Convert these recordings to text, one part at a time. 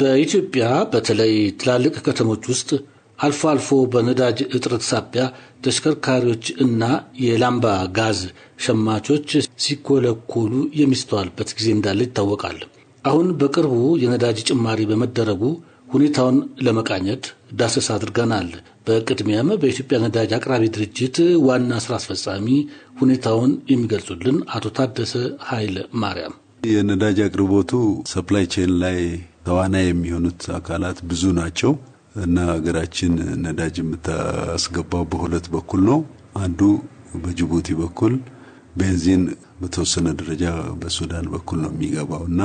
በኢትዮጵያ በተለይ ትላልቅ ከተሞች ውስጥ አልፎ አልፎ በነዳጅ እጥረት ሳቢያ ተሽከርካሪዎች እና የላምባ ጋዝ ሸማቾች ሲኮለኮሉ የሚስተዋልበት ጊዜ እንዳለ ይታወቃል። አሁን በቅርቡ የነዳጅ ጭማሪ በመደረጉ ሁኔታውን ለመቃኘት ዳሰሳ አድርገናል። በቅድሚያም በኢትዮጵያ ነዳጅ አቅራቢ ድርጅት ዋና ስራ አስፈጻሚ ሁኔታውን የሚገልጹልን አቶ ታደሰ ኃይለ ማርያም የነዳጅ አቅርቦቱ ሰፕላይ ቼን ላይ ተዋናይ የሚሆኑት አካላት ብዙ ናቸው እና ሀገራችን ነዳጅ የምታስገባው በሁለት በኩል ነው። አንዱ በጅቡቲ በኩል ቤንዚን በተወሰነ ደረጃ በሱዳን በኩል ነው የሚገባው እና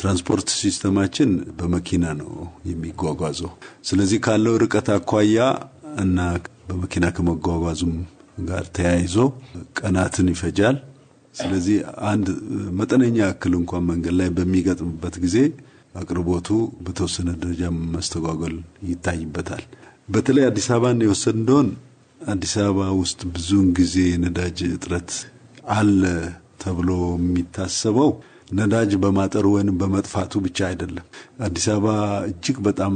ትራንስፖርት ሲስተማችን በመኪና ነው የሚጓጓዘው። ስለዚህ ካለው ርቀት አኳያ እና በመኪና ከመጓጓዙም ጋር ተያይዞ ቀናትን ይፈጃል። ስለዚህ አንድ መጠነኛ እክል እንኳን መንገድ ላይ በሚገጥምበት ጊዜ አቅርቦቱ በተወሰነ ደረጃ መስተጓጎል ይታይበታል። በተለይ አዲስ አበባን የወሰድ እንደሆን አዲስ አበባ ውስጥ ብዙውን ጊዜ የነዳጅ እጥረት አለ ተብሎ የሚታሰበው ነዳጅ በማጠሩ ወይም በመጥፋቱ ብቻ አይደለም። አዲስ አበባ እጅግ በጣም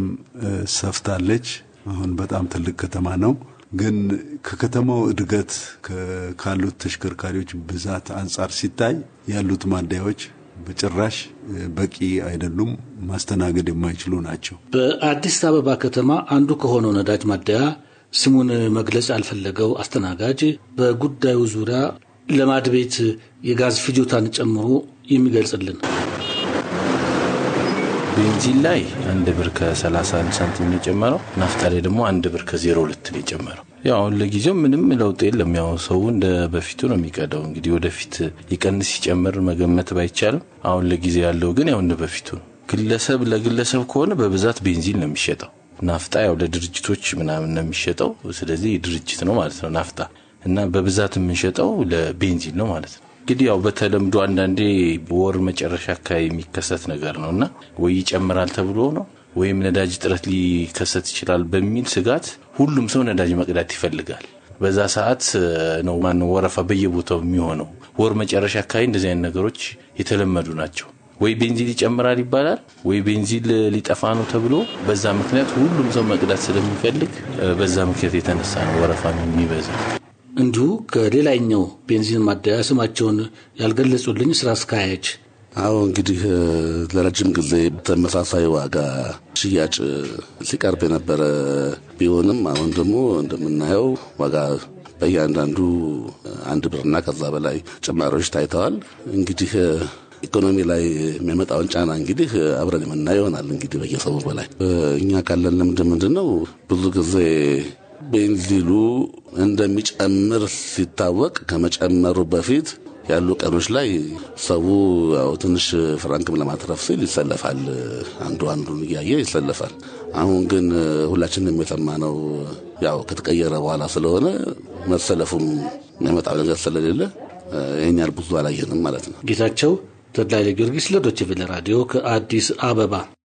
ሰፍታለች። አሁን በጣም ትልቅ ከተማ ነው። ግን ከከተማው እድገት ካሉት ተሽከርካሪዎች ብዛት አንጻር ሲታይ ያሉት ማደያዎች በጭራሽ በቂ አይደሉም፣ ማስተናገድ የማይችሉ ናቸው። በአዲስ አበባ ከተማ አንዱ ከሆነው ነዳጅ ማደያ ስሙን መግለጽ ያልፈለገው አስተናጋጅ በጉዳዩ ዙሪያ ለማድ ቤት የጋዝ ፍጆታን ጨምሮ የሚገልጽልን ቤንዚን ላይ አንድ ብር ከ30 ሳንቲም የጨመረው ናፍጣ ላይ ደግሞ አንድ ብር ከ02 ነው የጨመረው ያው ለጊዜው ምንም ለውጥ የለም። ያው ሰው እንደ በፊቱ ነው የሚቀዳው። እንግዲህ ወደፊት ይቀንስ ሲጨምር መገመት ባይቻልም አሁን ለጊዜ ያለው ግን ያው እንደ በፊቱ ነው። ግለሰብ ለግለሰብ ከሆነ በብዛት ቤንዚን ነው የሚሸጠው። ናፍጣ ያው ለድርጅቶች ምናምን ነው የሚሸጠው። ስለዚህ ድርጅት ነው ማለት ነው ናፍጣ እና በብዛት የምንሸጠው ለቤንዚን ነው ማለት ነው። እንግዲህ ያው በተለምዶ አንዳንዴ ወር መጨረሻ አካባቢ የሚከሰት ነገር ነው እና ወይ ይጨምራል ተብሎ ነው ወይም ነዳጅ እጥረት ሊከሰት ይችላል በሚል ስጋት ሁሉም ሰው ነዳጅ መቅዳት ይፈልጋል። በዛ ሰዓት ነው ማነው ወረፋ በየቦታው የሚሆነው። ወር መጨረሻ አካባቢ እንደዚህ አይነት ነገሮች የተለመዱ ናቸው። ወይ ቤንዚል ይጨምራል ይባላል፣ ወይ ቤንዚል ሊጠፋ ነው ተብሎ በዛ ምክንያት ሁሉም ሰው መቅዳት ስለሚፈልግ በዛ ምክንያት የተነሳ ነው ወረፋ የሚበዛ። እንዲሁ ከሌላኛው ቤንዚን ማደያ ስማቸውን ያልገለጹልኝ ስራ አስኪያጅ አዎ እንግዲህ ለረጅም ጊዜ ተመሳሳይ ዋጋ ሽያጭ ሲቀርብ የነበረ ቢሆንም አሁን ደግሞ እንደምናየው ዋጋ በእያንዳንዱ አንድ ብርና ከዛ በላይ ጭማሪዎች ታይተዋል። እንግዲህ ኢኮኖሚ ላይ የሚያመጣውን ጫና እንግዲህ አብረን የምናየው ይሆናል። እንግዲህ በየሰቡ በላይ እኛ ካለን ልምድ ምንድን ነው ብዙ ጊዜ ቤንዚሉ እንደሚጨምር ሲታወቅ ከመጨመሩ በፊት ያሉ ቀኖች ላይ ሰው ያው ትንሽ ፍራንክም ለማትረፍ ሲል ይሰለፋል። አንዱ አንዱን እያየ ይሰለፋል። አሁን ግን ሁላችንም የተማነው ያው ከተቀየረ በኋላ ስለሆነ መሰለፉም የሚያመጣው ነገር ስለሌለ ይህን ያህል ብዙ አላየንም ማለት ነው። ጌታቸው ተድላ ጊዮርጊስ ለዶይቼ ቬለ ራዲዮ ከአዲስ አበባ